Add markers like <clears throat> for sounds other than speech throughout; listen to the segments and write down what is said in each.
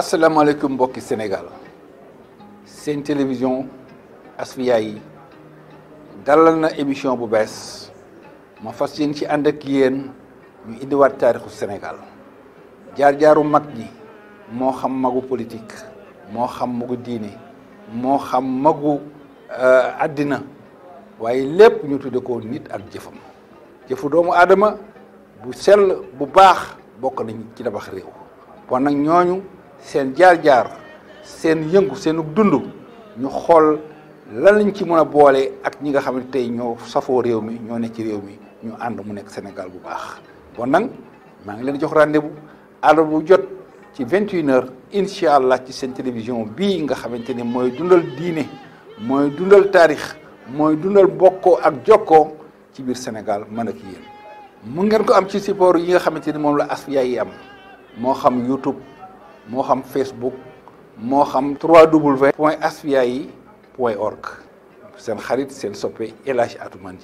asalaamaaleykum mbokki Sénégal seen télévision Asfiyahi yi dalal na émission bu bees ma fas yéen ci ànd ak yéen ñu indiwaat taarixu Sénégal jaar-jaaru mag ñi moo xam magu politik moo xam magu diine moo xam magu euh, àddina waaye lépp ñu tudde ko nit ak jëfam jëfu doomu aadama bu sell bu baax bokk nañ ci tabax réew kon nag ñooñu seen jaar-jaar seen yëngu seenu dund ñu xool lan lañ ci mën a boole ak ñi nga xam ne tey ñoo safoo réew mi ñoo nekk ci réew mi ñu ànd mu nekk Sénégal bu baax bon nag maa ngi leen jox rendez-vous àll bu jot ci vingt et une heures allah ci seen télévision bii nga xamante ni mooy dundal diine mooy dundal taarix mooy dundal bokkoo ak jokkoo ci biir Sénégal mën ak yéen mu ngeen ko am ci support yi nga xamante ni moom la Asfiyahi yi am moo xam YouTube moo xam Facebook moo xam 3W point asfiyahi point org seen xarit seen soppe El Hadj Atoumane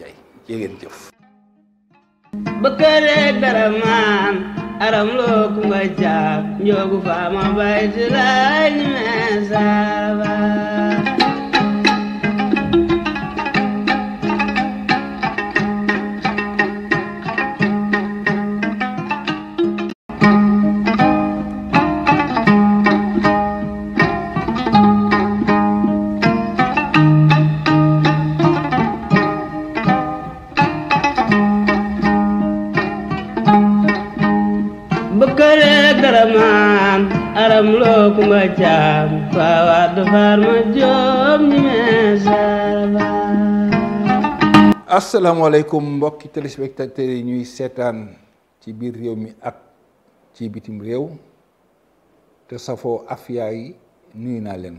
Ndiaye jëf bëkkëreek dara maan aram loo ku nga jaab njoogu faama bay ti laaj meesaaba asalaamaaleykum mbokki téléspectateurs yi ñuy seetaan ci biir réew mi ak ci bitim réew te safoo afia yi nuyu naa leen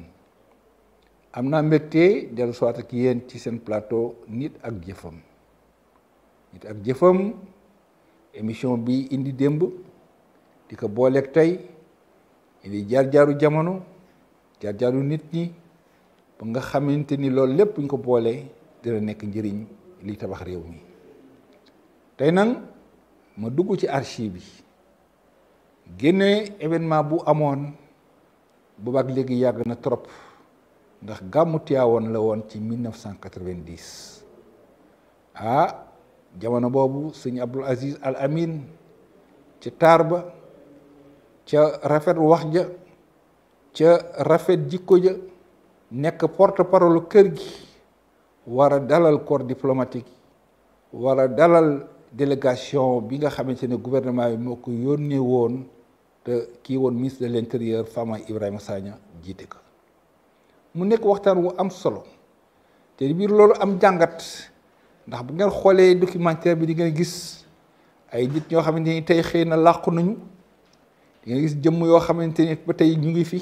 am na mbégte dellu soit ak yéen ci seen plateau nit ak jëfam nit ak jëfam émission bi indi démb di ko booleek tey indi jaar-jaaru jamono jaar-jaaru nit ñi ba nga xamante ni loolu lépp buñ ko boolee dina nekk njëriñ li tabax réew mi tey nag ma dugg ci archive bi génne événement bu amoon boobaak léegi yàgg ya na trop ndax gàmmu Tiwaawoon la woon ci 1990 ah jamono Abdul Aziz Al Amin ci taar ca rafet wax ja ca rafet jikko ja nekk porte parole kër gi wara dalal corps diplomatique war dalal délégation bi nga xamante ne gouvernement bi moo ko yónnee woon te kii woon ministre de l'intérieur Fama Ibrahima Sagna jiite ko mu nekk waxtaan wu am solo te biir loolu am jangat ndax bu ngeen xoolee documentaire bi di ngeen gis ay nit ñoo xamante ni tey xëy na làqu nañu di ngeen gis jëmm yo xamante ba tey ñu ngi fi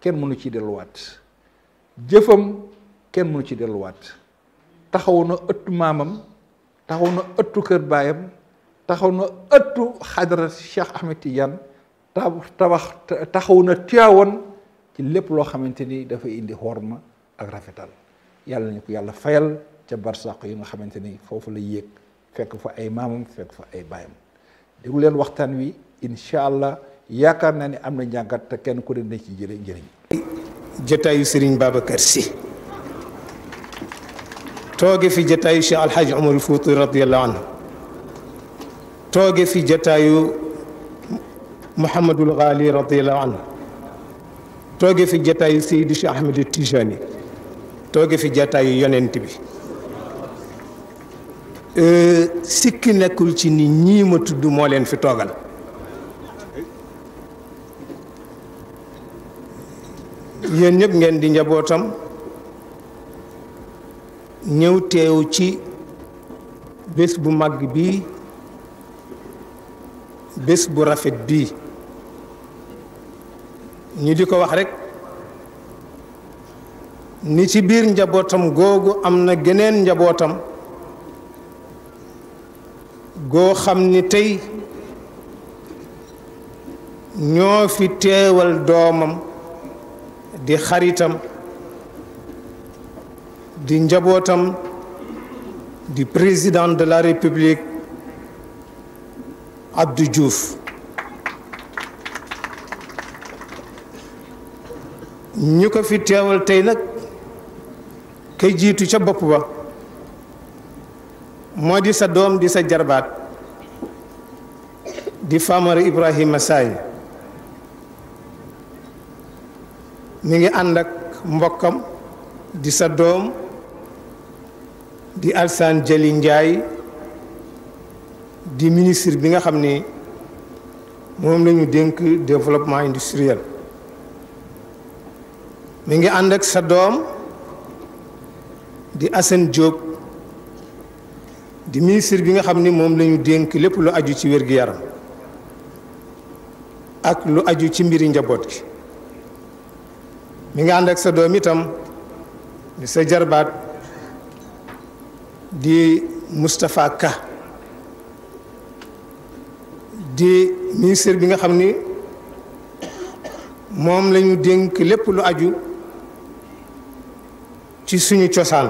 kenn mënu ci delluwaat jëfam kenn mënu ci delluwaat taxaw na ëttu maamam taxaw na ëttu kër baayam taxaw na ëttu xadara Cheikh Ahmed Tidiane tabax taxaw na Tiwaawan ci lépp loo xamante ni dafa indi xorma ak rafetal yàlla ñu ko yàlla fayal ca barsàq yi nga xamante ni foofu la yéeg fekk fa ay maamam fekk fa ay baayam déglu leen waxtaan wi incha yaakaar naa ni am na njàngat te kenn ku ne dina ci jële njëriñ jotaayu Serigne Babacar Sy tooge fi jotaayu Cheikh Alhaji Omar Fouti radiallahu anhu tooge fi jotaayu Mouhamadul Ghali radiallahu anhu tooge fi jotaayu Seydi Cheikh Ahmed Tijani tooge fi jotaayu yonent bi euh, sikki nekkul ci ni ñii ma tudd moo leen fi toogal yéen ñépp ngeen di njabootam ñëw teew ci bés bu mag bii bés bu rafet bii ñu di ko wax rekk ni ci biir njabootam googu am na geneen njabootam goo xam ni tey ñoo fi teewal doomam di xaritam di njabootam di président de la république Abdou juuf ñu ko fi teewal tey nag kay jiitu ca bopp ba moo di sa doom di sa jarbaat di Famara Ibrahima Sagne mi ngi ànd ak mbokkam di sa doom di alsan jëli njaay di ministre bi nga xam ni moom la ñu dénk développement industriel mi ngi ànd ak sa doom di Assane Diop di ministre bi nga xam ni moom la ñu dénk lépp lu aju ci wér-gi-yaram ak lu aju ci mbiri njaboot gi mi ngi ànd ak sa doom itam di sa jarbaat di Moustapha Ka di ministre bi nga xam ni moom lañu dénk lépp lu aju ci suñu cosaan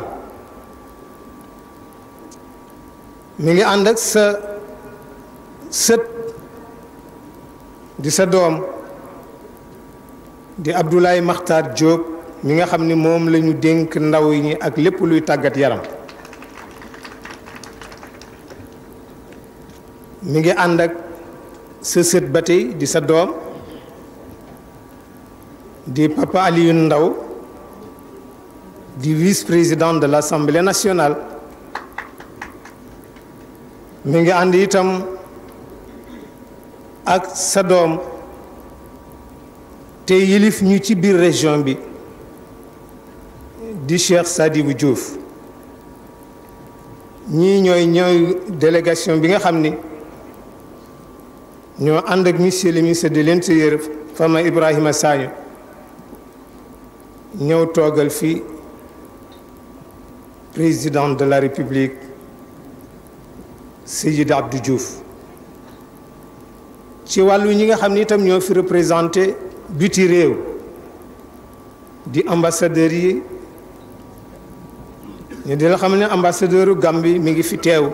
mu ngi ànd ak sa sët di sa doom di Abdoulaye Makhtar Diop mi nga xam ni moom lañu dénk ndaw ñi ak lépp luy tàggat yaram mi ngi ànd ak sa sët ba tey di sa doom di Papa Aliou Ndaw di vice-président de l'Assemblée nationale mi ngi ànd itam ak sa doom te yilif ñu ci biir région bi di Cheikh Sadibou juuf ñii ñooy ñooy délégation bi nga xam ni ñoo ànd ak monsieur le ministre de l'intérieur Fama Ibrahima Sagno ñëw toogal fi président de la république Seyyid Abdou Diouf ci wàllu ñi nga xam ni itam ñoo fi représenté biti réew di ambassadeurs yi ñu di la xam ne ambassadeur Gambie mi ngi fi teew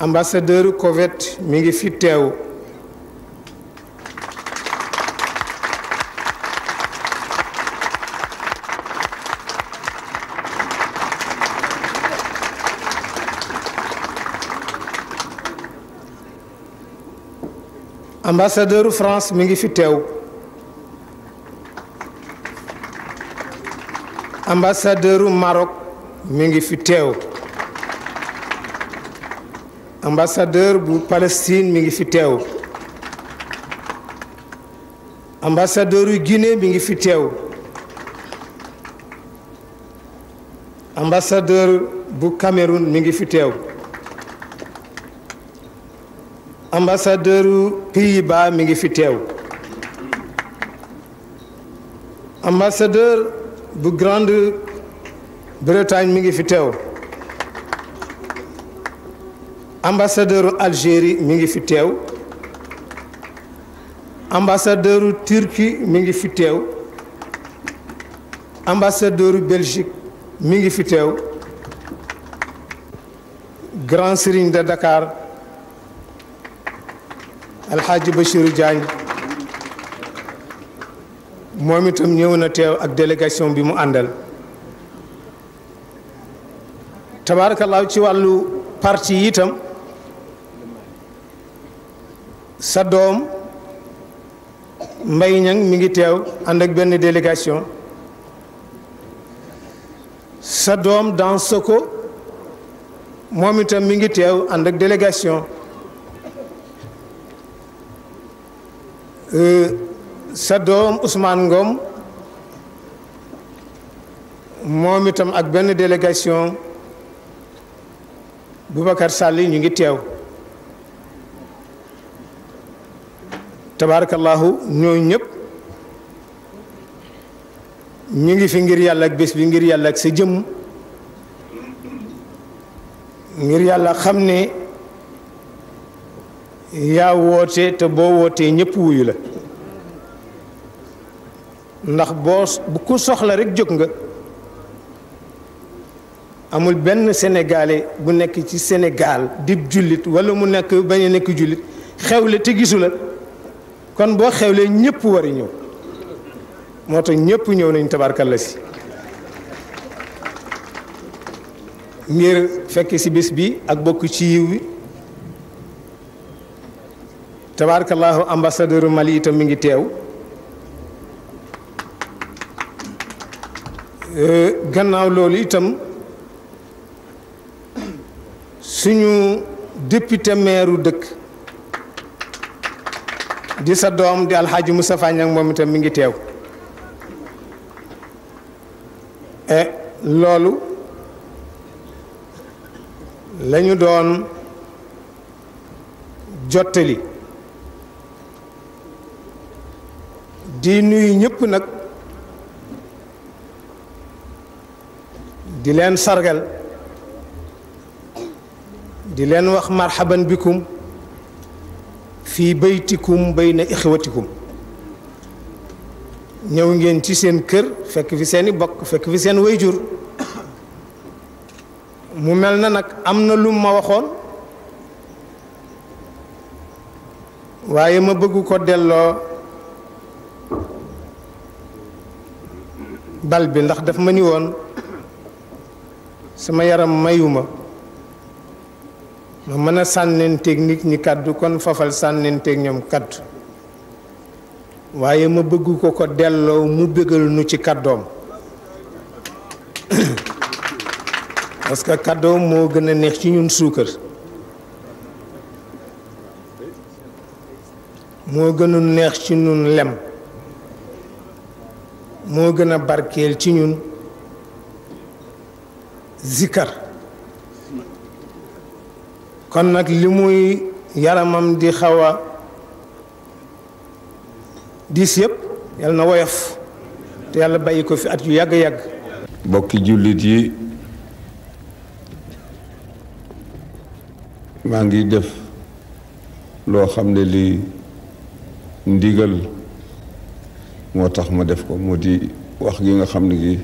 ambassadeur Koweït mi ngi fi teew ambassadeur France mi ngi fi teew ambassadeuru Maroc mi ngi fi teew ambassadeur bu Palestine mi ngi fi teew ambassadeuru Guinée mi ngi fi teew ambassadeur bu Cameroun mi ngi fi ambassadeur Pays-Bas mi ngi fi teew ambassadeur bu Grande-Bretagne mi ngi fi teew ambassadeur Algérie mi ngi fi teew ambassadeur Turquie mi ngi fi teew ambassadeur Belgique mi fi teew Grand Serigne de Dakar. alxaaji Bachiru Diagne moom itam ñëw na teew ak délégation bi mu àndal tabaarakallaahu ci wàllu parti yi itam sa doom Mbay Ñang mi ngi teew ànd ak benn délégation sa doom dans Soko moom itam mi ngi teew ànd ak délégation Euh, sa doom Ousmane Ngom moom itam ak benn délégation Boubacar Sall ñu ngi teew tabarakallahu ñoo ñëpp ñu ngi fi ngir yàlla ak bés bi ngir yàlla ak sa jëmm ngir yàlla xam ne yaa woote te boo wootee ñëpp wuyu la ndax boo bu soxla rekk jóg nga amul benn sénégalais bu nekk ci Sénégal dib jullit walla mu nekk bañ nekk jullit xewle te gisu la kon boo xewlee ñëpp war a ñëw moo tax ñëpp ñëw nañu tabarkalla si ngir fekk si bis bi ak bokk ci yiw wi tabaarakallaahu ambassadeur Mali itam mi ngi teew euh, gannaaw loolu itam suñu député maire dëkk di sa doom di alxaaji Moustapha Niang moom itam mi ngi teew loolu lañu doon jottali di nuy ñépp nag di leen sargal di leen wax marhaban bikum fii bay na ixwatikum ñëw ngeen ci seen kër fekk fi seeni bokk fekk fi seen jur mu mel na nag am na lum ma waxoon waaye ma bëgg ko delloo bal bi ndax daf ma ni woon sama yaram mayuma ma mën a sànnenteeg nit ñi kàddu kon fafal sànnenteeg ñoom kàddu waaye ma bëgg ko ko delloo mu bëggal nu ci kàddoom <coughs> parce que kàddoom moo gën a neex ci ñun suukar moo gënu neex ci ñun lem moo gën a barkeel ci ñun zikar kon nag li muy yaramam di xawa a diis yëpp yal na woyof te yàlla bàyyi ko fi at yu yàgg-yàgg bokki jullit yi maa ngi def loo xam ne li ndigal moo tax ma def ko mu di wax gi nga xam ne gi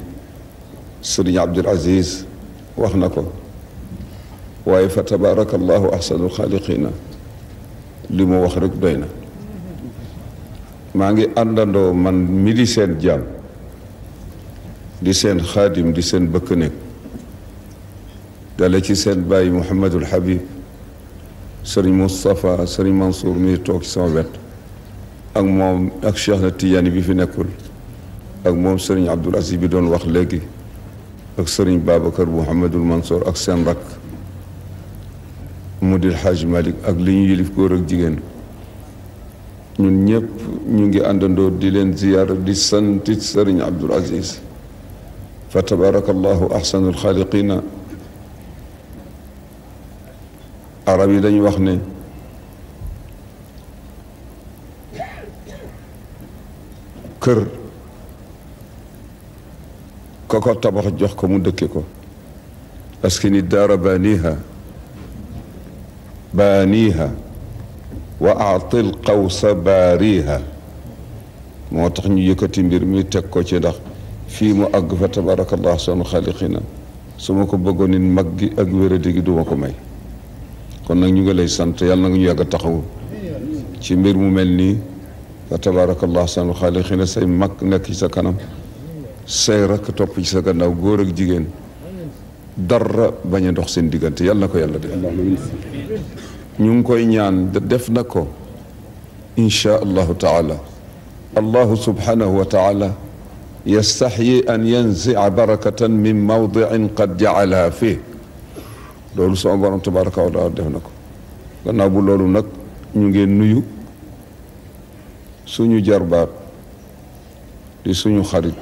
sëriñ Abdul Aziz wax na ko waaye fa tabarakallahu ahsanul xaaliqina li mu wax rek doy na maa ngi àndandoo man mi di seen jaam di seen xaadim di seen bëkk nekk dale ci seen bàyyi Mouhamadul Habib sëriñ Moustapha sëriñ Mansour mi toog ci sama wet ak moom ak Cheikh na Tidiane bi fi nekkul ak moom sëriñ Abdoul Aziz bi doon wax léegi ak sëriñ Babacar Mouhamadul Mansour ak seen rakk mu di malik ak li ñu yilif góor ak jigéen ñun ñëpp ñu ngi àndandoo di leen ziyaar di santit sëriñ Abdoul Aziz fa tabaraka allahu axsanul xaaliqina arab yi dañu wax ne kër ka ko tabax jox ko mu dëkki ko ni daara baaniha baaniha wa aatil qawsa baariha moo tax ñu yëkkati mbir mi teg ko ci ndax fii mu àgg fa tabarakallah sunu xaaliqina su ma ko bëggoon nit mag gi ak wéradi gi duma ko may kon nag ñu ngi lay sant yàlla nga ñu yàgg taxawu ci mbir mu mel nii تبارك الله سبحانه خالقنا سي مك نك سي كانم سي رك توبي سي غناو غور اك جيجين دار باني دوخ سين ديغنت يالا كو يالا دي نيون كوي نيان ديف نكو ان شاء الله تعالى الله سبحانه وتعالى يستحي ان ينزع بركه من موضع قد جعلها فيه لولو سو تبارك الله ديف نكو غناو بو لولو نك نيغي نويو suñu jarbaat di suñu xarit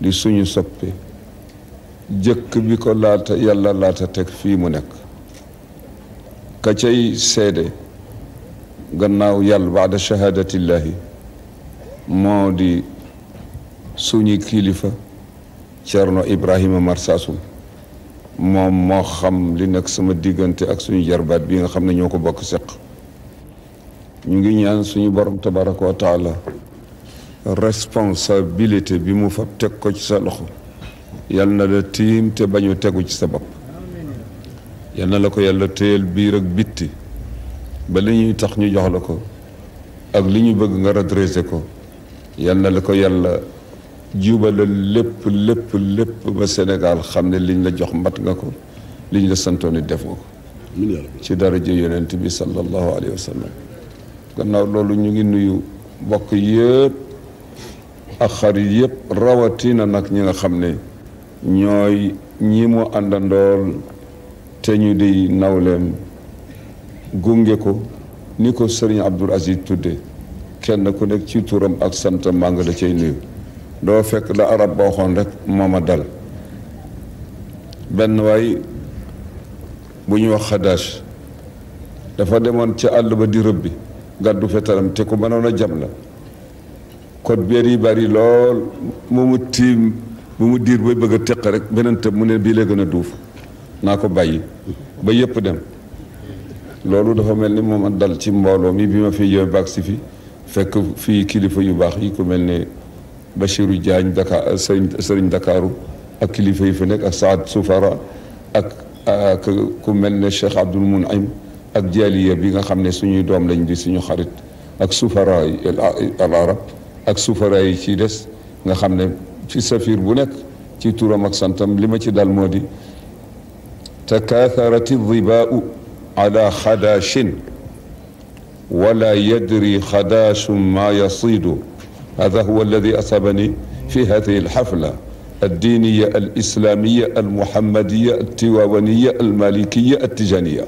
di suñu soppe jëkk bi ko laata yàlla laata teg fii mu nekk ka cay seede gannaaw yàlla baada shahaadatillahi moo di suñu kilifa Cerno Ibrahima Marsasum moom moo xam li nekk sama diggante ak suñu jarbaat bii nga xam ne ñoo ko bokk seq ñu ngi ñaan suñu borom tabaraka wa taala responsabilité bi mu fab teg ko ci sa loxo yal na la tiim te bañu tegu ci sa bopp yal na la ko yàlla téyel biir ak bitti ba li ñuy tax ñu jox la ko ak li ñu bëgg nga redressé ko yal na la ko yàlla jubalal lépp lépp lépp ba Sénégal xam ne liñ la jox mat nga ko liñ la santoon it def nga ko ci daraja yonent bi sallallahu alayhi wa gannaaw loolu ñu ngi nuyu mbokk yëpp ak xarit rawati na nag ñi nga xam ne ñooy ñi mu àndandool te ñu di nawleem gunge ko ni ko sëriñ Abdul Aziz tudde kenn ku nekk ci tuuram ak santam maa la da cay nuyu doo fekk la arab ba waxoon rek moom a dal benn waay bu ñu wax xadaas dafa demoon ci àll ba di bi gàddu fetaram te ku mënoon a jam la code bière yi bari lool mu mu diir bay bëgg a teq rek beneen tëb mu ne bii la gën a duuf naa ko bàyyi ba yëpp dem loolu dafa mel ni moom dal ci mbooloo mi bi ma fi yooyu baag si fi fekk fii kilifa yu baax yi ku mel ne Bachirou Diagne Dakar Dakaru ak kilifa yi fi nekk ak Saad Soufara ak ku mel ne Cheikh Abdoul Mounaim ak jaliya bi nga xamne ne suñuy doom lañ di suñu xarit ak sufara yi al arab ak sufara yi ci dess nga xamne ci safir bu nek ci turam ak santam lima ci dal modi di takatharat dibaau ala xadaashin wala yadri xadaashu ma yasiidu هذا هو الذي أصابني في هذه الحفلة الدينية الإسلامية المحمدية التواونية المالكية التجانية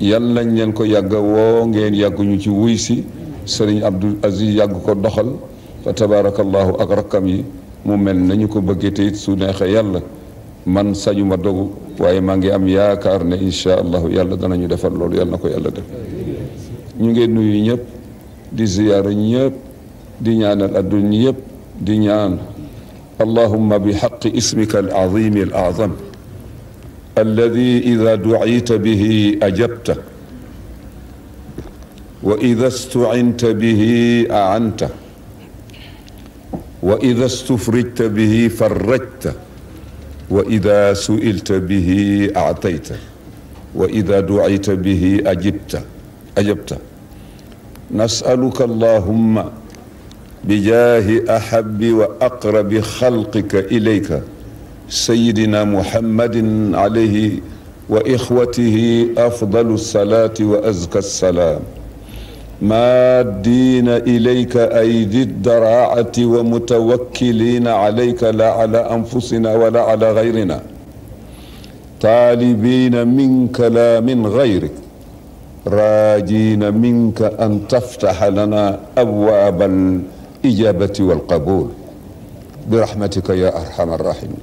yàlla ngeen ko yàgg woo ngeen yàgg ñu ci wuy si sëriñ Abdul Aziz yàgg ko doxal fa tabaarakallaahu ak rakkam yi mu mel nañu ko bëggee te it su neexee yàlla man sañuma dogu waaye maa ngi am yaakaar ne insha allahu yàlla danañu defar loolu yàlla na ko yàlla def ñu ngeen nuyu ñëpp di ziyaara ñëpp di ñaanal adduna ñëpp di ñaan allahumma bi xaqi ismika al azimi al azam الذي إذا دعيت به أجبته وإذا استعنت به أعنته وإذا استفرجت به فرجته وإذا سئلت به أعطيته وإذا دعيت به أجبته أجبته نسألك اللهم بجاه أحب وأقرب خلقك إليك سيدنا محمد عليه واخوته افضل الصلاه وازكى السلام مادين اليك ايدي الدراعه ومتوكلين عليك لا على انفسنا ولا على غيرنا طالبين منك لا من غيرك راجين منك ان تفتح لنا ابواب الاجابه والقبول برحمتك يا ارحم الراحمين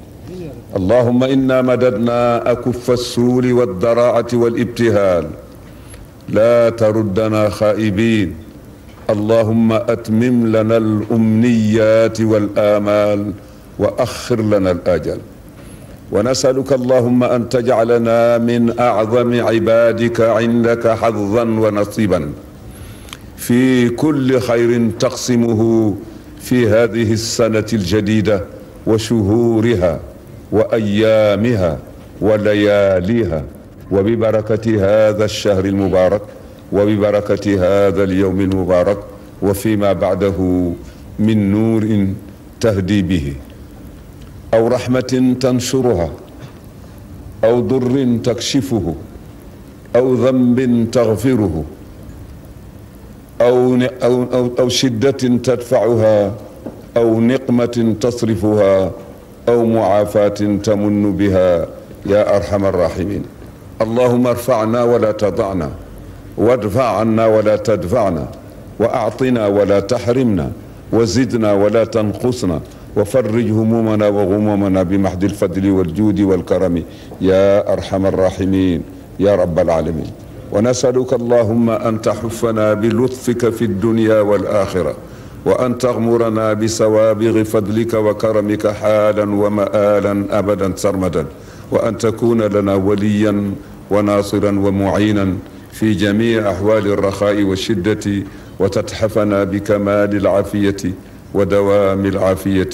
اللهم انا مددنا اكف السول والضراعه والابتهال لا تردنا خائبين اللهم اتمم لنا الامنيات والامال واخر لنا الاجل ونسالك اللهم ان تجعلنا من اعظم عبادك عندك حظا ونصيبا في كل خير تقسمه في هذه السنه الجديده وشهورها وايامها ولياليها وببركه هذا الشهر المبارك وببركه هذا اليوم المبارك وفيما بعده من نور تهدي به او رحمه تنشرها او ضر تكشفه او ذنب تغفره أو, أو, أو, أو شدة تدفعها أو نقمة تصرفها أو معافاة تمن بها يا أرحم الراحمين اللهم ارفعنا ولا تضعنا وادفع عنا ولا تدفعنا وأعطنا ولا تحرمنا وزدنا ولا تنقصنا وفرج همومنا وغمومنا بمحض الفضل والجود والكرم يا أرحم الراحمين يا رب العالمين ونسألك اللهم أن تحفنا بلطفك في الدنيا والآخرة وأن تغمرنا بسوابغ فضلك وكرمك حالا ومآلا أبدا سرمدا وأن تكون لنا وليا وناصرا ومعينا في جميع أحوال الرخاء والشدة وتتحفنا بكمال العافية ودوام العافية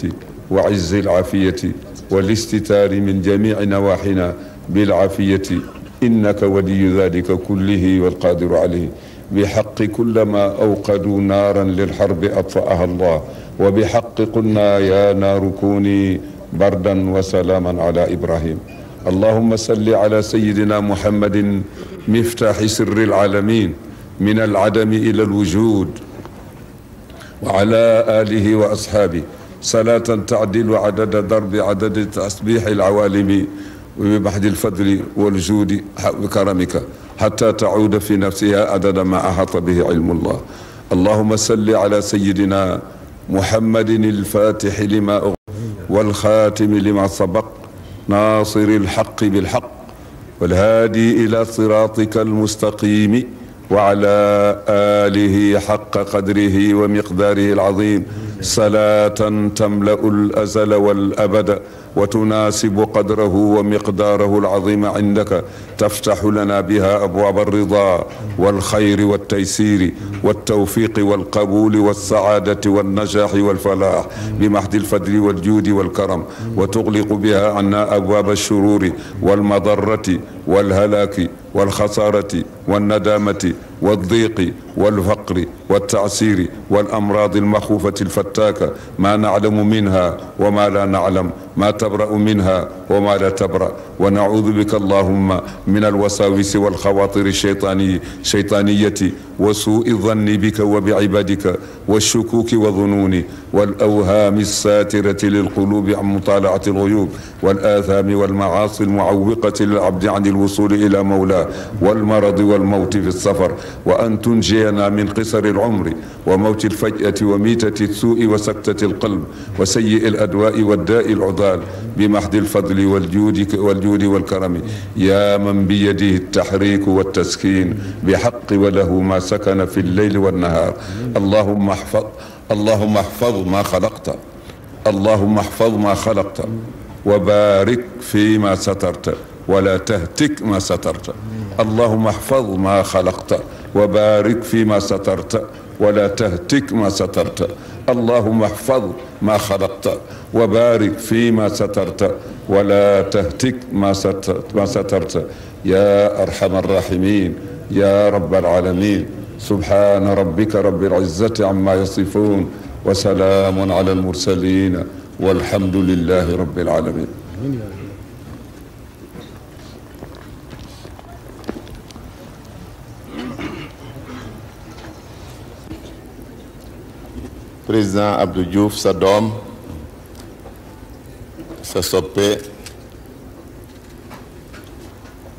وعز العافية والاستتار من جميع نواحنا بالعافية إنك ولي ذلك كله والقادر عليه بحق كلما أوقدوا نارا للحرب أطفأها الله وبحق قلنا يا نار كوني بردا وسلاما على إبراهيم اللهم صل على سيدنا محمد مفتاح سر العالمين من العدم إلى الوجود وعلى آله وأصحابه صلاة تعدل عدد ضرب عدد تسبيح العوالم وبمحد الفضل والجود وكرمك حتى تعود في نفسها عدد ما أحاط به علم الله اللهم صل على سيدنا محمد الفاتح لما أغلق والخاتم لما سبق ناصر الحق بالحق والهادي إلى صراطك المستقيم وعلى آله حق قدره ومقداره العظيم صلاة تملأ الأزل والأبد وتناسب قدره ومقداره العظيم عندك تفتح لنا بها ابواب الرضا والخير والتيسير والتوفيق والقبول والسعاده والنجاح والفلاح بمحض الفضل والجود والكرم وتغلق بها عنا ابواب الشرور والمضره والهلاك والخسارة والندامة والضيق والفقر والتعسير والأمراض المخوفة الفتاكة ما نعلم منها وما لا نعلم ما تبرأ منها وما لا تبرأ ونعوذ بك اللهم من الوساوس والخواطر الشيطانية وسوء الظن بك وبعبادك والشكوك والظنون والأوهام الساترة للقلوب عن مطالعة الغيوب والآثام والمعاصي المعوقة للعبد عن الوصول إلى مولاه والمرض والموت في السفر وأن تنجينا من قصر العمر وموت الفجأة وميتة السوء وسكتة القلب وسيء الأدواء والداء العضال بمحض الفضل والجود والجود والكرم يا من بيده التحريك والتسكين بحق وله ما سكن في الليل والنهار اللهم احفظ اللهم احفظ ما خلقت اللهم احفظ ما خلقت وبارك فيما سترت ولا تهتك ما سترت اللهم احفظ ما خلقت وبارك فيما سترت ولا تهتك ما سترت اللهم احفظ ما خلقت وبارك فيما سترت ولا تهتك ما سترت, ما سترت يا ارحم الراحمين يا رب العالمين سبحان ربك رب العزة عما يصفون وسلام على المرسلين والحمد لله رب العالمين président Abdou Diouf sa dôme, sa soppe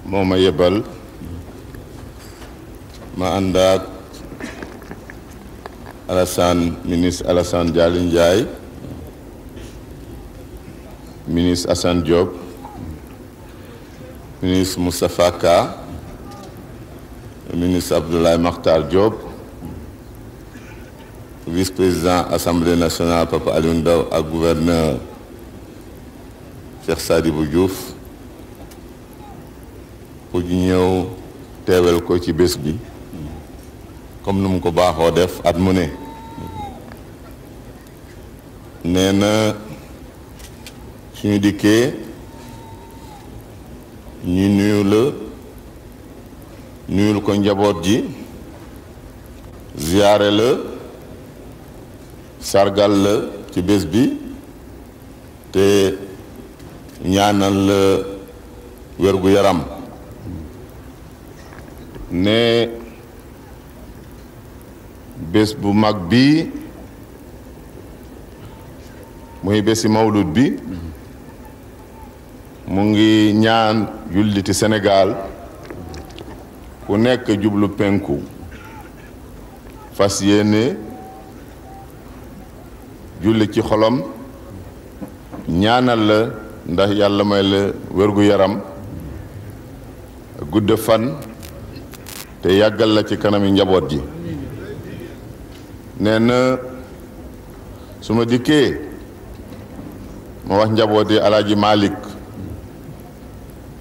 mon ma balle, ma Andat, Alassane ministre Alassane dialinjay ministre Assane Diop ministre Moustapha Ka ministre Abdoulaye Maktar Diop vice-président Assemblée nationale Papa Alundao, et gouverneur Cheikh sadi Boudjouf, pour que Besbi. ko ci comme nu mu ko baaxoo def at mu ne nee na suñu dikkee ñuy nuyu la nuyul ko njaboot ji ziyaare la sargal la ci bés bi te ñaanal la wér gu yaram ne bés bu mag bii muy bési mawlud bi mu ngi ñaan julliti Sénégal ku nekk jublu penku fas yéene julli ci xolom ñaanal la ndax yàlla may la wérgu yaram gudd fan te yàggal la ci kanami njaboot ji nee na su ma dikkee ma wax njabooti alaaji Malick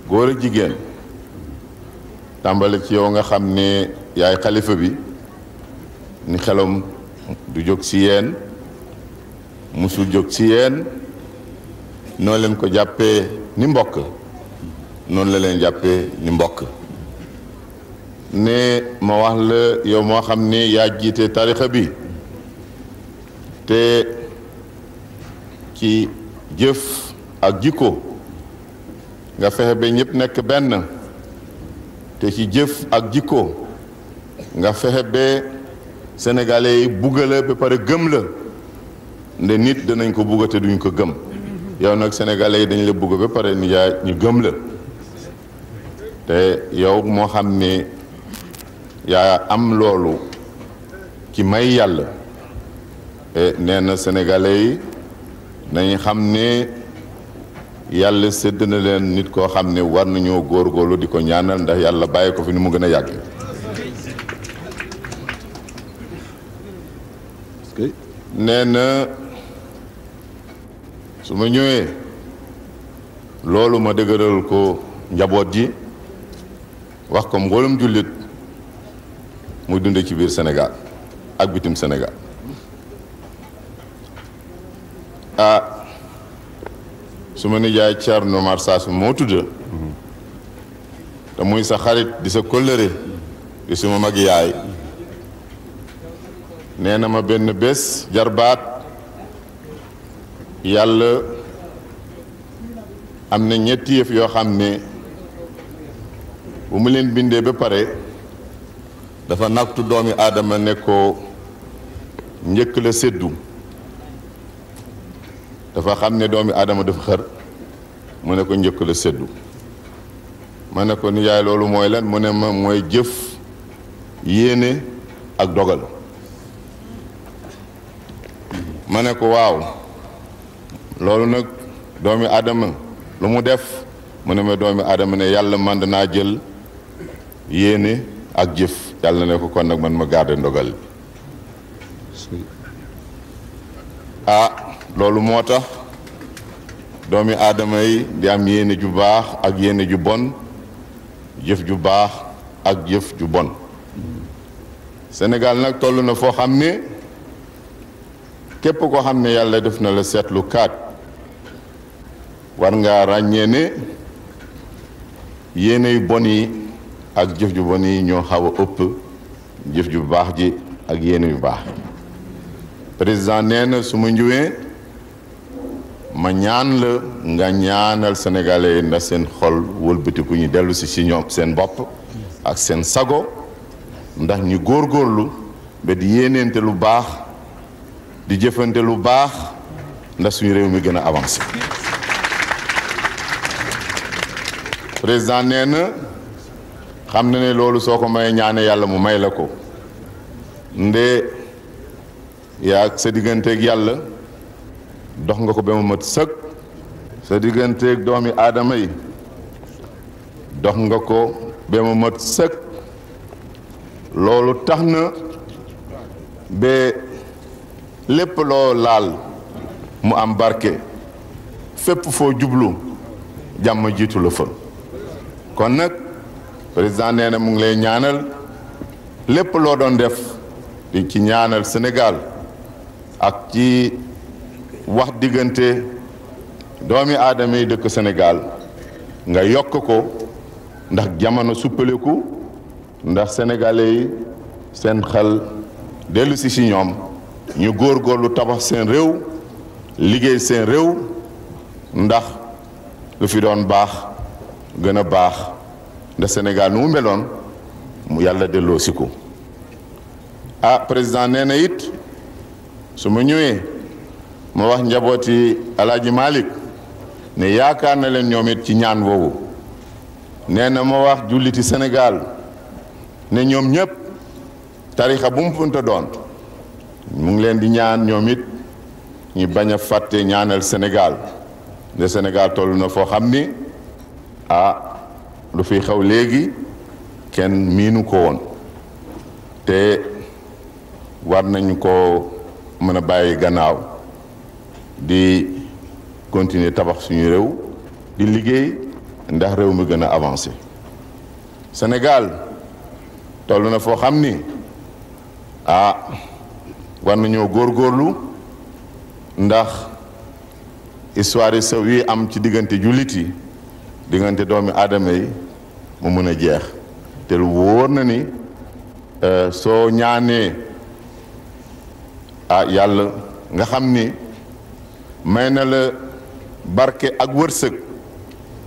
góor ak jigéen tàmbali ci yow nga xam ni yaay xalifa bi ni xelam du jóg ci yéen musul jóg ci yéen noo leen ko jàppee ni mbokk noonu la leen jàppee ni mbokk ne ma wax la yow moo xam ni yaa jiite tarixa bi te ci jëf ak jikko nga fexe ba ñëpp nekk benn te ci jëf ak jikko nga fexe ba sénégalais yi bugga la ba pare gëm la nde nit danañ ko bugga te duñ ko gëm yow nag sénégalais yi dañ la bugg ba pare nijaay ñu gëm la te yow moo xam ne yaa am loolu ci may yàlla nee na sénégalais yi nañu xam ne yàlla sedd na leen nit koo xam ne war nañoo góorgóorlu di ko ñaanal ndax yàlla bàyyi ko fi ni mu gën a yàgg nee na su ma ñëwee loolu ma dëgëral ko njaboot ji wax ko mboolum jullit muy dund ci biir Sénégal ak bitim Sénégal ah su ma nijaay Thierno Omar Sassou moo tudd te muy sa xarit di sa kóllëre di suma mag yaay nee na ma benn bés jarbaat yàlla am na ñetti yëf yoo xam ne bu mu leen bindee ba pare dafa nattu doomi aadama nekkoo njëkk la seddu dafa xam ne doomi aadama dafa xër mu ne ko njëkk la seddu ma ne ko nijaay loolu mooy lan mu ne ma mooy jëf yéene ak dogal ma ne ko waaw loolu nag doomi aadama lu mu def mu ne ma doomi aadama ne yàlla man danaa jël yéene ak jëf yàlla ne ko kon nag man ma garder ndogal loolu moo tax doomi aadama yi di am yéene ju baax ak yéene ju bon jëf ju baax ak jëf ju bon Sénégal nag toll na foo xam ne képp koo xam ne yàlla def na la seetlu kaat war nga ràññee ne yéene yu bon yi ak jëf ju bon yi ñoo xaw a ëpp jëf ju baax ji ak yéene yu baax président nee na su ma njuwee ma ñaan la nga ñaanal sénégalais ndax seen xol wëlbatiku ñu dellusi si si ñoom seen bopp ak seen sago ndax ñu góor góorlu ba di yéeneente lu baax di jëfante lu baax ndax suñu réew mi gën a avancé président nee xam na ne loolu soo ko may ñaane yàlla mu may la ko nde yaa sa digganteek yàlla dox nga ko ba mu mat sëkk sa digganteeg doomi aadama yi dox nga ko ba mu mat sëkk loolu tax na ba lépp loo laal mu am barke fépp foo jublu jàmm jiitu la fa kon nag président nee na mu ngi lay ñaanal lépp loo doon def di ci ñaanal Sénégal ak ci wax diggante doomi aadama yi dëkk Sénégal nga yokk ko ndax jamono suppaleku ndax sénégalais yi seen xel dellu si si ñoom ñu góor góorgóorlu tabax seen réew liggéey seen réew ndax lu fi doon baax gën a baax ndax Sénégal nu mu meloon mu yàlla delloo si ko ah président nee na it su ma ñëwee ma wax njabooti alaaji malik ne yaakaar na leen ñoom it ci ñaan woowu nee na ma wax julliti Sénégal ne ñoom ñëpp tarixa bu mu punta doon mu ngi leen di ñaan ñoom it ñu bañ a fàtte ñaanal Sénégal ne Sénégal toll na foo xam ni ah lu fi xew léegi kenn miinu ko woon te war nañu ko mën a bàyyi gannaaw ...de continuer tabax suñu réew di liggéey ndax réew mi a Sénégal toll na foo xam ni ah war nañoo ndax histoire am ci diggante jullit yi doomi aadama mu may na la barke ak wërsëg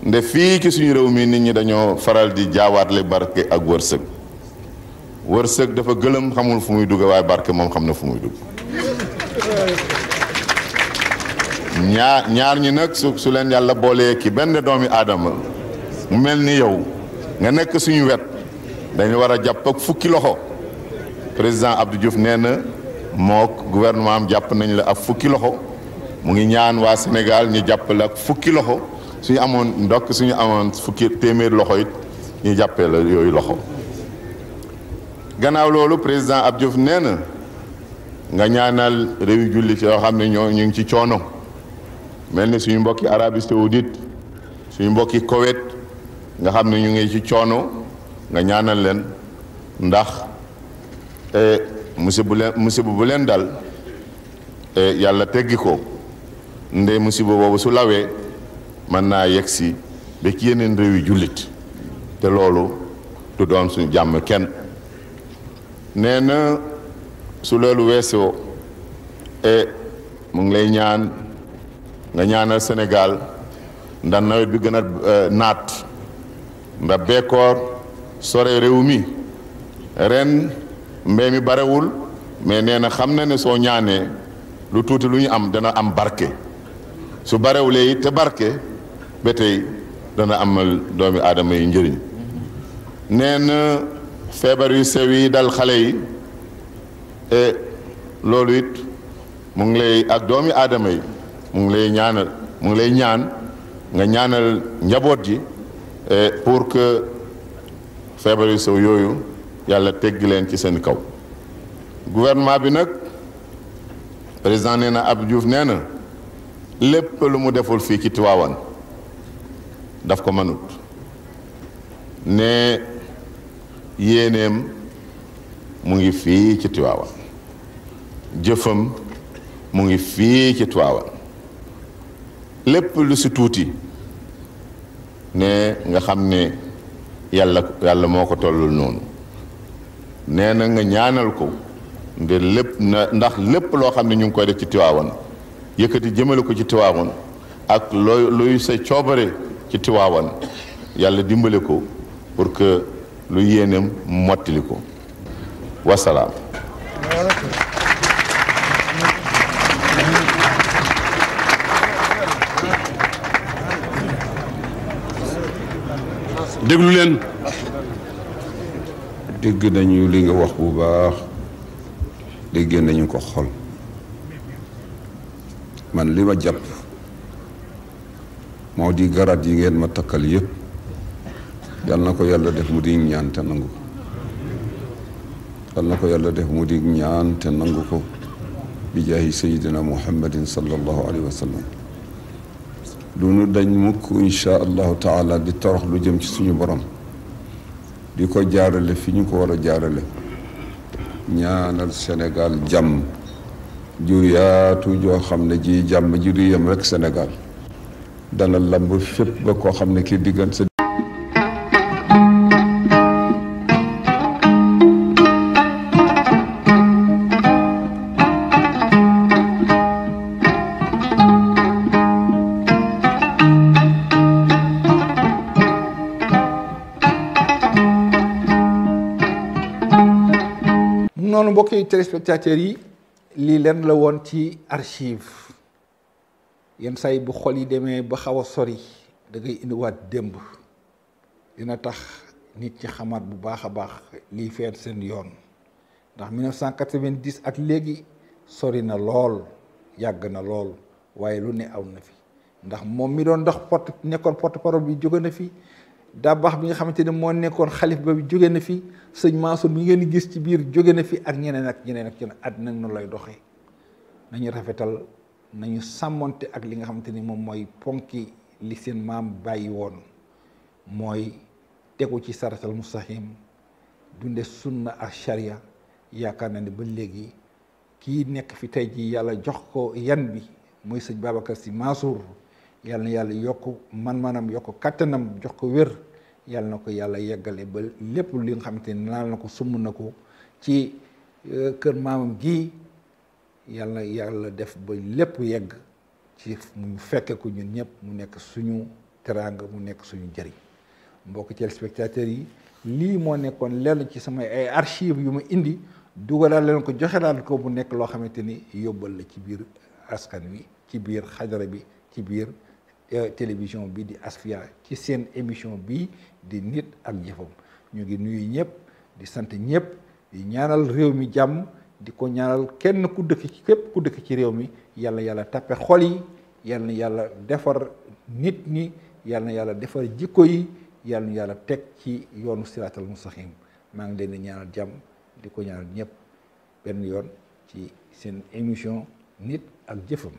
nde fii ki suñu réew mii nit ñi dañoo faral di jaawaatle barke ak wërsëg wërsëg dafa gëlëm xamul fu muy dugg waaye barke moom xam na fu muy dugg ñaar ñaar ñi nag su leen yàlla boolee ki benn doomi aadama mu mel ni yow nga nekk suñu wet dañu war a jàpp ak fukki loxo président abdu Diouf nee na moo gouvernement am jàpp nañu la ak fukki loxo mu ngi ñaan waa Sénégal ñu jàppale ak fukki loxo suñu amoon ndokk suñu amoon fukki téeméer loxo it ñu jàppee la yooyu loxo gannaaw loolu président ab Diouf nee na nga ñaanal réew jullit yoo xam ne ñoo ñu ngi ci coono mel ni suñu mbokki Arabie Saoudite suñu mbokki Koweït nga xam ne ñu ngi ci coono nga ñaanal leen ndax eh, musiba bu leen musiba bu leen dal eh, yàlla teggi ko nde musiba boobu su lawee mën naa yegg si ci yeneen réew yu jullit te loolu du doon suñu jàmm kenn nee na su loolu weesoo e mu ngi lay ñaan nga ñaanal Sénégal ndax nawet bi gën a e, naat nda bekkoor sore réew mi ren mbéy mi barewul mais nee na xam na ne soo ñaanee lu tuuti lu ñu am dana am barke su barewulee yi te barke ba tey dana amal doomi aadama yi njëriñ nee na feebar yu sew yi dal xale yi e loolu it mu ngi lay ak doomi aadama yi mu ngi lay ñaanal mu ngi lay ñaan nga ñaanal njaboot ji e pour que feebar yu sew yooyu yàlla tegg leen ci seen kaw gouvernement bi nag président nee na Abdou Diouf nee lépp lu mu deful fii ci Tiwaawan daf ko mënut ne yéeneem mu ngi fii ci Tiwaawan jëfam mu ngi fii ci Tiwaawan lépp lu si tuuti ne nga xam ni yàlla yàlla moo ko tollul noonu nee na nga ñaanal ko nde lépp na ndax lépp loo xam ne ñu ngi koy def ci Tiwaawan yëkkati jëmale ko ci tiwaawan ak looy luy sa coobare ci tiwaawan yàlla dimbale ko pour que lu yéeneem mottili ko wasalaam déglu leen dégg nañu li nga wax bu baax dégg nañu ko xol man lima ma moo di garaat yi ngeen ma takkal yëpp yal na ko yàlla def mu di ñaan te nangu ko yal na ko yàlla def mu di ñaan te nangu ko bi jaahi sayidina muhammadin sallallahu alayhi du nu dañ mukk insha allahu taala di torox lu jëm ci suñu borom di ko jaarale fi ñu ko war a jaarale ñaanal senegal jàmm ju yaatu joo xam ne ji jàmm ji rek Sénégal dana lamb fépp ba koo xam ne kii noonu téléspectateurs yi lii leen la woon ci archive yenn say bu xol yi demee ba xaw a sori dangay indiwaat démb dina tax nit ci xamaat bu baax a baax lii feeñ seen yoon ndax 1990 ak léegi sori na lool yàgg na lool waaye lu ne aw na fi ndax moom mi doon dox porte nekkoon porte parole bi jóge na fi Dabaax bi nga xamante ne moo nekkoon xalif ba jóge na fi sëñ Mansour bi ngeen di gis ci biir jóge na fi ak ñeneen ak ñeneen ak ñeneen àddina noonu lay doxee nañu rafetal nañu sàmmoonte ak li nga xamante ni moom mooy ponki li seen maam bàyyi woon mooy tegu ci saratal mustaqim dunde sunna ak sharia yaakaar na ni ba léegi kii nekk fi tey jii yàlla jox ko yan bi mooy sëñ Babacar Sy Mansour yal na yàlla yokk man-manam yokk kattanam jox ko wér yal na ko yàlla yeggale ba lépp li nga xamante ni naal na ko sumb na ci e, kër maamam gii yal na yàlla def ba lépp yegg ci mu fekke ko ñun ñëpp mu nekk suñu teraanga mu nekk suñu njëriñ mbokk téléspectateurs yi lii moo nekkoon lenn ci samay ay yu ma indi dugalal ko joxe ko mu nekk loo xamante ni la ci biir askan wi ci bi ci E télévision bi di Asfiya ci seen émission bi di nit ak jëfam ñu ngi nuyu ñëpp di sant ñëpp di ñaanal réew mi jàmm di ko ñaanal kenn ku dëkk ci képp ku dëkk ci réew mi yal na yàlla tappe xol yi yal na yàlla defar nit ñi yal na yàlla defar jikko yi yal na yàlla teg ci yoonu siraatal mustaqim maa ngi leen ñaanal jàmm di ko ñaanal ñëpp benn yoon ci seen émission nit ak jëfam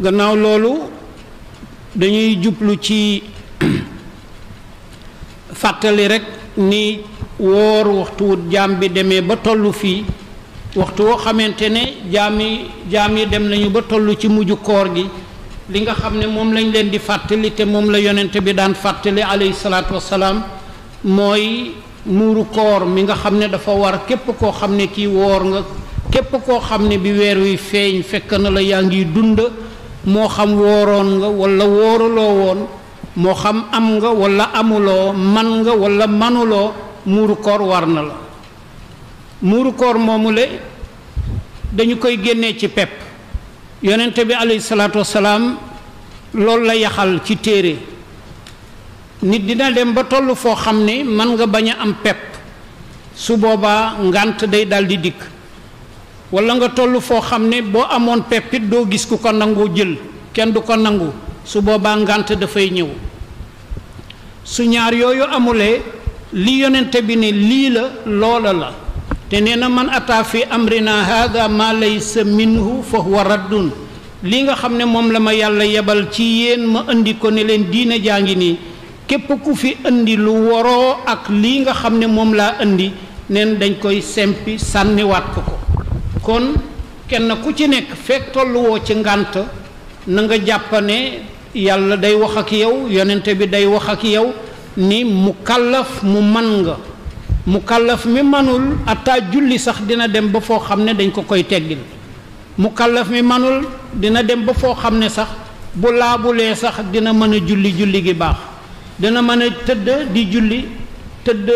gannaaw loolu dañuy jublu ci <clears throat> fàttali rek ni woor waxtu wu jaam bi demee ba toll fii waxtu woo xamante ne jaam yi jaam yi dem nañu ba toll ci mujj koor gi li nga xam ne moom lañ leen di fàttali te moom la yonente bi daan fàttali alayhi salaatu wasalaam mooy muuru koor mi nga xam ne dafa war képp koo xam ne kii woor nga képp koo xam ne bi weer wi feeñ fekk na la yaa ngi dund moo xam wooroon nga walla wooruloo woon moo xam am nga walla amuloo man nga wala manuloo muuru war na la muurukoor koor moomu le dañu koy génne ci pepp yonent bi alayhi salaatu wasalaam loolu la yaxal ci téere nit dina dem ba toll foo xam ne mën nga bañ a am pepp su boobaa ngànt day daldi dikk wala nga tollu foo xam ne boo amoon peppit doo gis ku ko nangoo jël kenn du ko nangu su boobaa ngant dafay ñëw su ñaar yooyu li bi la la man ataa fi amrina haada ma laysa minhu fa huwa raddun li nga xam ne moom ma yebal ci yéen ma andi ko ne leen diine jaa ku fi andi lu woroo ak lii nga xam ne moom andi neen dañ koy sempi sànniwaat ko ko kon kenn ku ci nekk fekk tolluwoo ci ngànt na nga jàpp ne yàlla day wax ak yow yonent bi day wax ak yow ni mu kàllaf mu man nga mu kàllaf mi manul ataa julli sax dina dem ba foo xam ne dañ ko koy teggil mu kàllaf mi manul dina dem ba foo xam ne sax bu laabulee sax dina mën a julli julli gi baax dina mën a tëdd di julli tëdd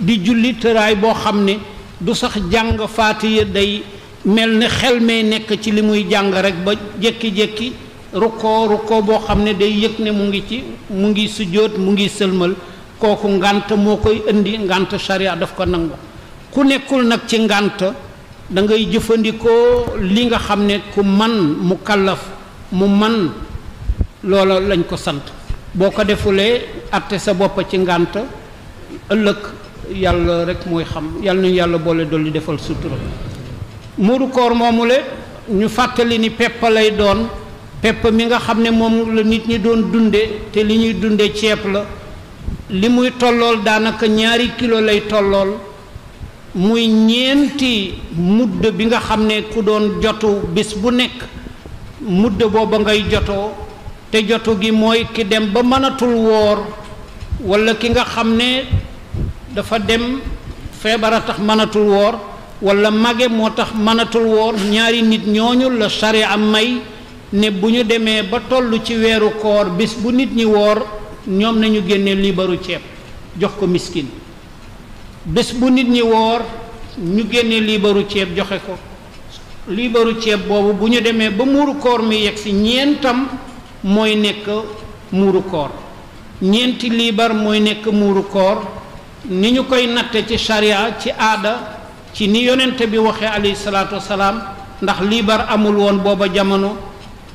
di julli tëraay boo xam ne du sax jàng faatiya day mel ne xel mee nekk ci li muy jàng rek ba jékki-jékki rukkoo rukkoo boo xam ne day yëg ne mu ngi ci mu ngi sujjóot mu ngi sëlmal kooku ngant moo koy indi ngant sharia daf ko nangu ku nekkul nag ci ngànt da ngay jëfandikoo li nga xam ne ku man mu kallaf mu man loola lañ ko sant boo ko defulee atte sa bopp ci ngant ëllëg yàlla rekk mooy xam yàlla nañu yàlla boole dolli defal sutura muuru koor moomu la ñu fàttali ni pepp lay doon pepp mi nga xam ne moom la nit ñi doon dunde te li ñuy dunde ceeb la li muy tollool daanaka ñaari kilo lay tollool muy ñeenti mudd bi nga xam ne ku doon jotu bés bu nekk mudd booba ngay jotoo te jotu gi mooy ki dem ba mënatul woor walla ki nga xam ne dafa dem feebar a tax mënatul woor wala mage moo tax mënatul woor ñaari nit ñooñu la sare am may ne bu ñu demee ba toll ci weeru koor bis bu nit ñi woor ñoom nañu génne liibaru ceeb jox ko miskin bés bu nit ñi woor ñu génne liibaru ceeb joxe ko liibaru ceeb boobu bu ñu demee ba muuru koor mi yegg ci ñeentam mooy nekk muuru koor ñeenti liibar mooy nekk muuru koor ni ñu koy natte ci charia ci aada ci ni yonente bi waxee alayhi salaatu salaam ndax liibar amul woon booba jamono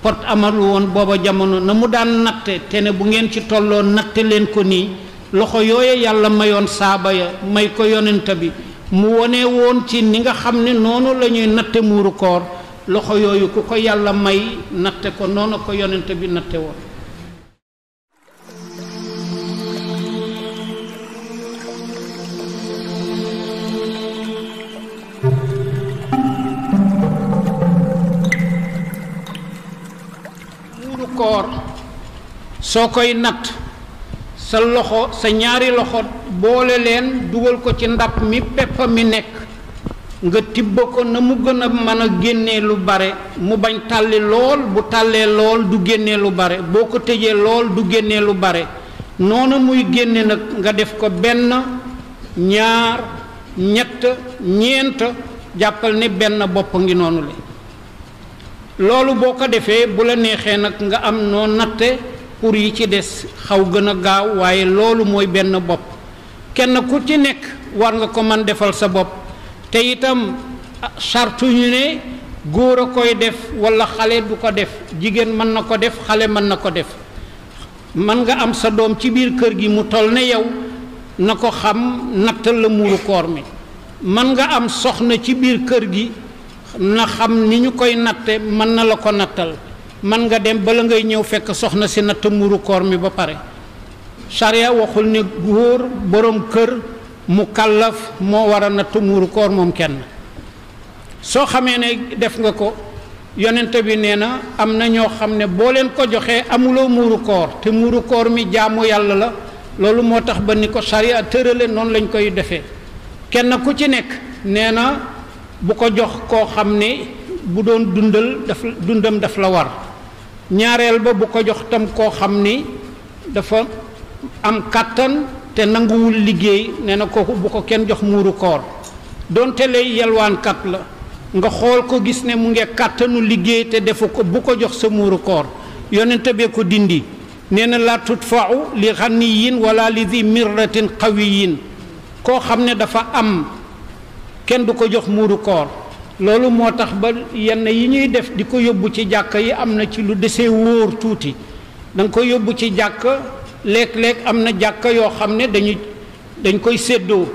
pot amul woon booba jamono na mu daan natte te ne bu ngeen ci tolloo natte leen ko nii loxo yooye yàlla mayoon saaba ya may ko yonente bi mu wone woon ci ni nga xam ne noonu lañuy ñuy natte muuru koor loxo yooyu ku ko yàlla may natte ko noonu ko yonente bi natte woon koor soo koy natt sa loxo sa ñaari loxo boole leen dugal ko ci ndab mi peppa mi nekk nga tibb ko na mu gën a mën a génnee lu bare mu bañ tàlli lool bu tàllee lool du génne lu bare boo ko tëjee lool du génnee lu bare noona muy génne nag nga def ko benn ñaar ñett ñeent jàppal ne benn bopp ngi noonu li loolu boo ko defee bu la neexee nag nga am noo natte pour yi ci des xaw gën a gaaw waaye loolu mooy benn bopp kenn ku ci nekk war nga ko mën defal sa bopp te itam sartu ñu ne góor a koy def walla xale du ko def jigéen mën na ko def xale mën na ko def mën nga am sa doom ci biir kër gi mu toll ne yow na ko xam nattal la muuru koor mi mën nga am soxna ci biir kër gi na xam ni ñu koy natte mën na la ko nattal mën nga dem ba la ngay ñëw fekk soxna si natt muru koor mi ba pare charia waxul ni góor boroom kër mu kàllaf moo war a natt muurukoor moom kenn soo xamee ne def nga ko yonent bi nee na am na ñoo xam ne boo leen ko joxee amuloo muuru koor te muuru koor mi jaamu yàlla la loolu moo tax ba ni ko charia tërale noonu lañ koy defee kenn ku ci nekk nee na bu ko jox koo xam ne bu doon dundal daf dundam daf la war ñaareel ba bu ko jox tam koo xam ni dafa am kàttan te nanguwul liggéey nee na kooku bu ko kenn jox muuru koor donte lay yalwaankat la nga xool ko gis ne mu ngi kàttanu liggéey te defu ko bu ko jox sa muuru koor yonent bee ko dindi nee na la tudfau li xaniyin wala li di mirratin qawiyin koo xam ne dafa am kenn du ko jox muuru koor loolu moo tax ba yenn yi ñuy def di ko yóbbu ci jàkk yi am na ci lu desee wóor tuuti danga ko yóbbu ci jàkk léeg-léeg am na jàkk yoo xam ne dañu dañ koy séddoo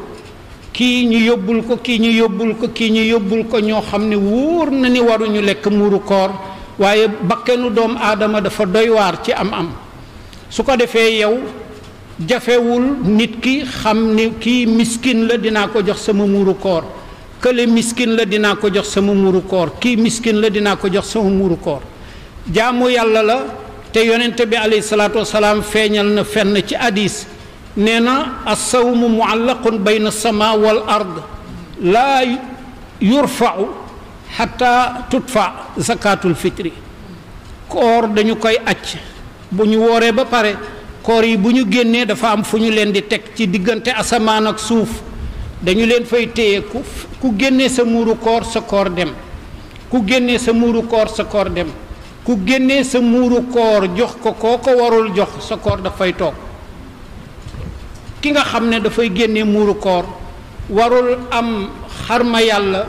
kii ñu yóbbul ko kii ñu yóbbul ko kii ñu yóbbul ko ñoo xam ne wóor na ni waruñu lekk muuru koor waaye bakkenu doom aadama dafa doy waar ci am am su ko defee yow jafewul nit ki xam ni kii miskin la dinaa ko jox sama muuru koor kële miskin la dinaa ko jox sama muuru kii miskin la dinaa ko jox sama muuru koor jaamu yàlla la te yonent bi alayhi salaatu wasalaam feeñal na fenn ci hadis nee na assawmu muallaqun na sama wal ard laa yurfau xata tutfa zakatul fitri koor dañu koy acc bu ñu wooree ba pare koor yi bu ñu génnee dafa am fu ñu leen di teg ci diggante asamaan ak suuf dañu leen fay téye ku ku génnee sa muuru koor dem ku génnee sa muuru koor sa koor dem ku génnee sa muuru koor jox ko koo ko warul jox sa koor daf fay toog ki nga xam ne dafay génnee muuru koor warul am xarma yàlla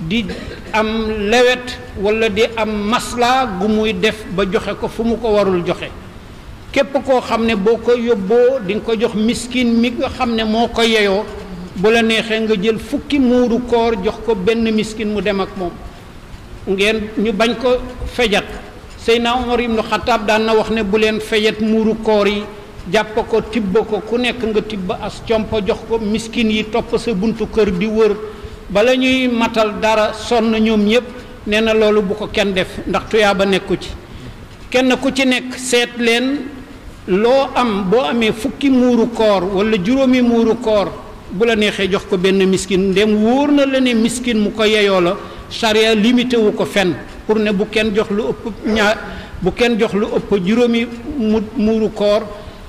di am lewet walla di am maslaa gu muy def ba joxe ko fu mu ko warul joxe képp koo xam ne boo ko yóbboo dinga ko jox miskin mi nga xam ne moo ko yeyoo bu la neexee nga jël fukki muuru koor jox ko miskin mu dem ak moom ngeen ñu bañ ko fejat seyna omar ibnu na wax ne bu leen fejat muuru koor yi jàpp ko tibb ko ku nekk nga as compa jox ko miskin yi topp sa buntu kër di wër bala ñuy matal dara son ñoom ñépp nee loolu bu ko kenn def ndax tuyaaba nekku ci kenn ku ci nekk seet leen loo am boo amee fukki muuru koor wala juróomi muuru koor bu la neexee jox ko benn miskin ndem wóor na la ne miskin mu ko yeyoo la charia limité wu ko fenn pour ne bu kenn jox lu ëpp ñaar bu kenn jox lu ëpp juróomi mu muuru koor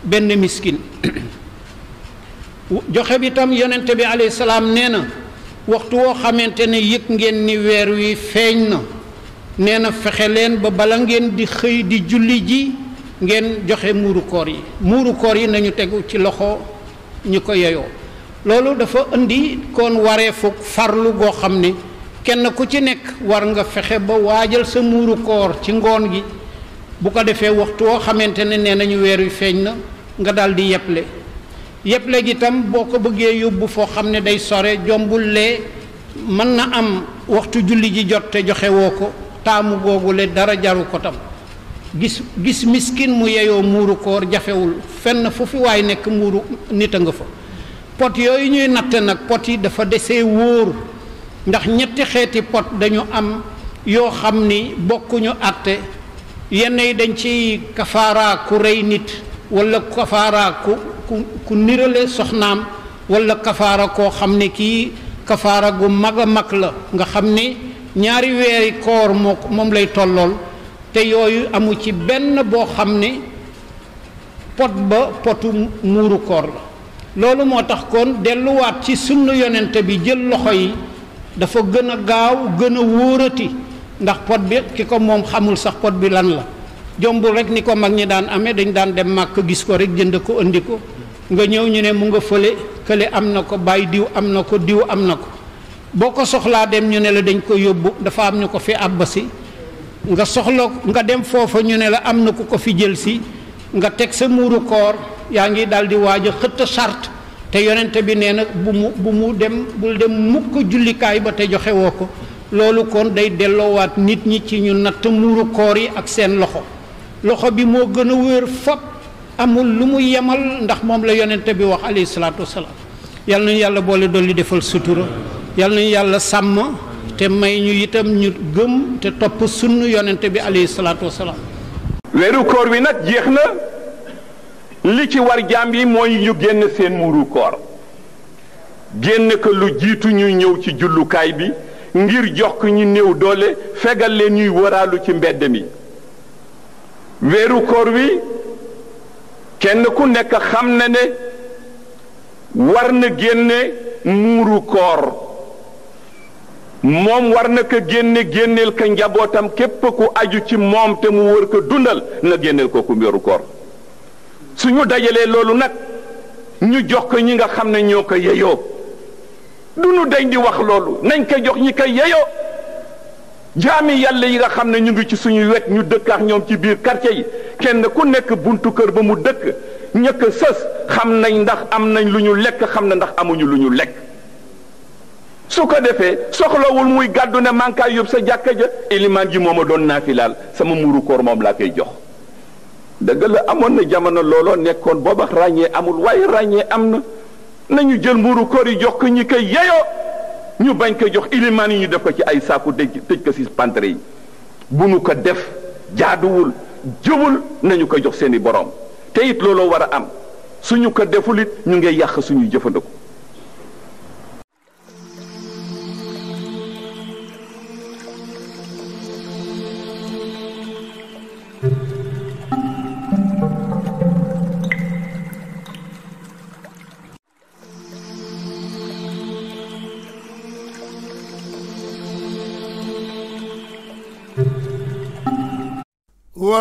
benn miskin <clears throat> joxe bi itam yonente bi alayhi salaam nee na waxtu woo xamante ne yëg ngeen ni weer wi feeñ na nee na fexe leen ba bala ngeen di xëy di julli ji ngeen joxe muuru koor yi muuru koor yi nañu tegu ci loxo ñi ko yeyoo loolu dafa indi kon wareefu farlu goo xam ne kenn ku ci nekk war nga fexe ba waajal sa muuru koor ci ngoon gi bu ko defee waxtu woo xamante ne nee nañu weer wi feeñ na nga daal di yeble yeble gi tam boo ko bëggee yóbbu foo xam ne day sore jombul lee mën na am waxtu julli ji jot te joxe woo ko taamu googule dara jaru ko tam gis gis miskin mu yeyoo muuru koor jafewul fenn fu fi waay nekk muuru nit a nga fa pot yooyu ñuy natte nag pot yi dafa dese wóor ndax ñetti xeeti pot dañu am yoo xam ni bokkuñu àtte yenn yi dañ ci kafaara ku rey nit walla kafaara ku ku nirale soxnaam wala kafaara koo xam ne kii kafaara gu mag mag la nga xam ni ñaari weeri koor moom lay tollool te yooyu amu ci benn boo xam ne pot ba potu muuru koor la loolu moo tax kon delluwaat ci sunnu yonent bi jël loxo yi dafa gën a gaaw gën a wóorati ndax pot bi ki ko moom xamul sax pot bi lan la jombul rek ni ko mag ñi daan amee dañ daan dem màkk gis ko rek jënd ko andi ko nga ñëw ñu ne mu nga fële kële am na ko bàyyi diw am na ko diw am na ko boo ko soxlaa dem ñu ne la dañ ko yóbbu dafa am ñu ko fi àbbasi nga soxla nga dem foofa ñu ne la am na ku ko fi jël si nga teg sa muuru koor yaa ngi di waaj a xëtt sart te yonente bi nee na bu mu bu mu dem bul dem mukk jullikaay ba te joxe woo ko loolu kon day delloowaat nit ñi ci ñu natt muuru koor yi ak seen loxo loxo bi moo gën a fop amul lu mu yemal ndax moom la yonente bi wax alayhi salaatu wasalaam yal nañu yàlla boole dolli defal sutura yal nañu yàlla sàmm te may ñu itam ñu gëm te topp sunnu yonente bi alayhi salaatu wasalaam weeru koor wi nag jeex na li ci war jaam yi mooy ñu génn seen muuru koor génn ko lu jiitu ñuy ñëw ci jullukaay bi ngir jox ko ñu néew doole fegal leen ñuy waraalu ci mbedd mi weeru koor wi kenn ku nekk xam na ne war na génne muuru koor moom war na ko génne génneel ko njabootam képp ku aju ci moom te mu wër ko dundal na génneel ko ku weeru koor suñu dajalee loolu nag ñu jox ko ñi nga xam ne ñoo ko yeyoo du ñu dañ di wax loolu nañ ko jox ñi koy yeyoo jaami yàlla yi nga xam ne ñu ngi ci suñu wet ñu dëkk ak ñoom ci biir quartier yi kenn ku nekk buntu kër ba mu dëkk ñëkk sës xam nañ ndax am nañ lu ñu lekk xam na ndax amuñu lu ñu lekk su ko defee soxlawul muy gàddu ne mankaay yóbbu sa jàkka ja ilimaan ji moom a doon naafilaal sama muru koor moom laa koy jox dëgg la amoon na jamono looloo nekkoon booba ràññee amul waaye ràññee am na nañu jël mburu koor yi jox ko ñi koy yeyoo ñu bañ ko jox ilimaan yi ñu def ko ci ay saaku dëj tëj ko ci pantre yi bu nu ko def jaaduwul jëwul nañu ko jox seeni borom te it looloo war a am suñu ko deful it ñu ngay yàq suñuy jëfandiku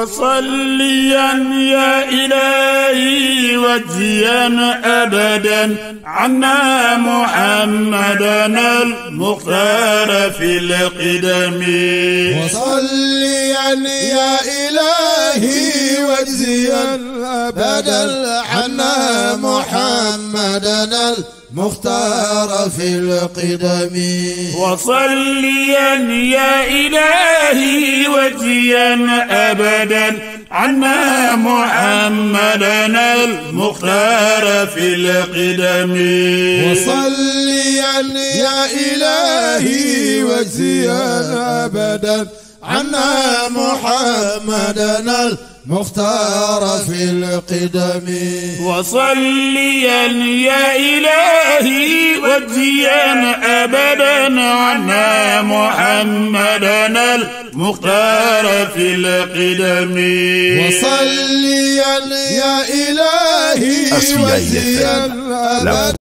وصليا يا إلهي وجيا أبدا عنا محمدنا المختار في القدم وصليا يا إلهي وجزيا أبدا عنا محمدنا مختار في القدم وصليا يا إلهي وجيا أبدا عنا محمدنا المختار في القدم وصليا يا إلهي وجيا أبدا عنا محمدنا مختار في القدم وصليا يا إلهي وجيا أبدا عنا محمدا المختار في القدم وصليا يا إلهي وجيا أبدا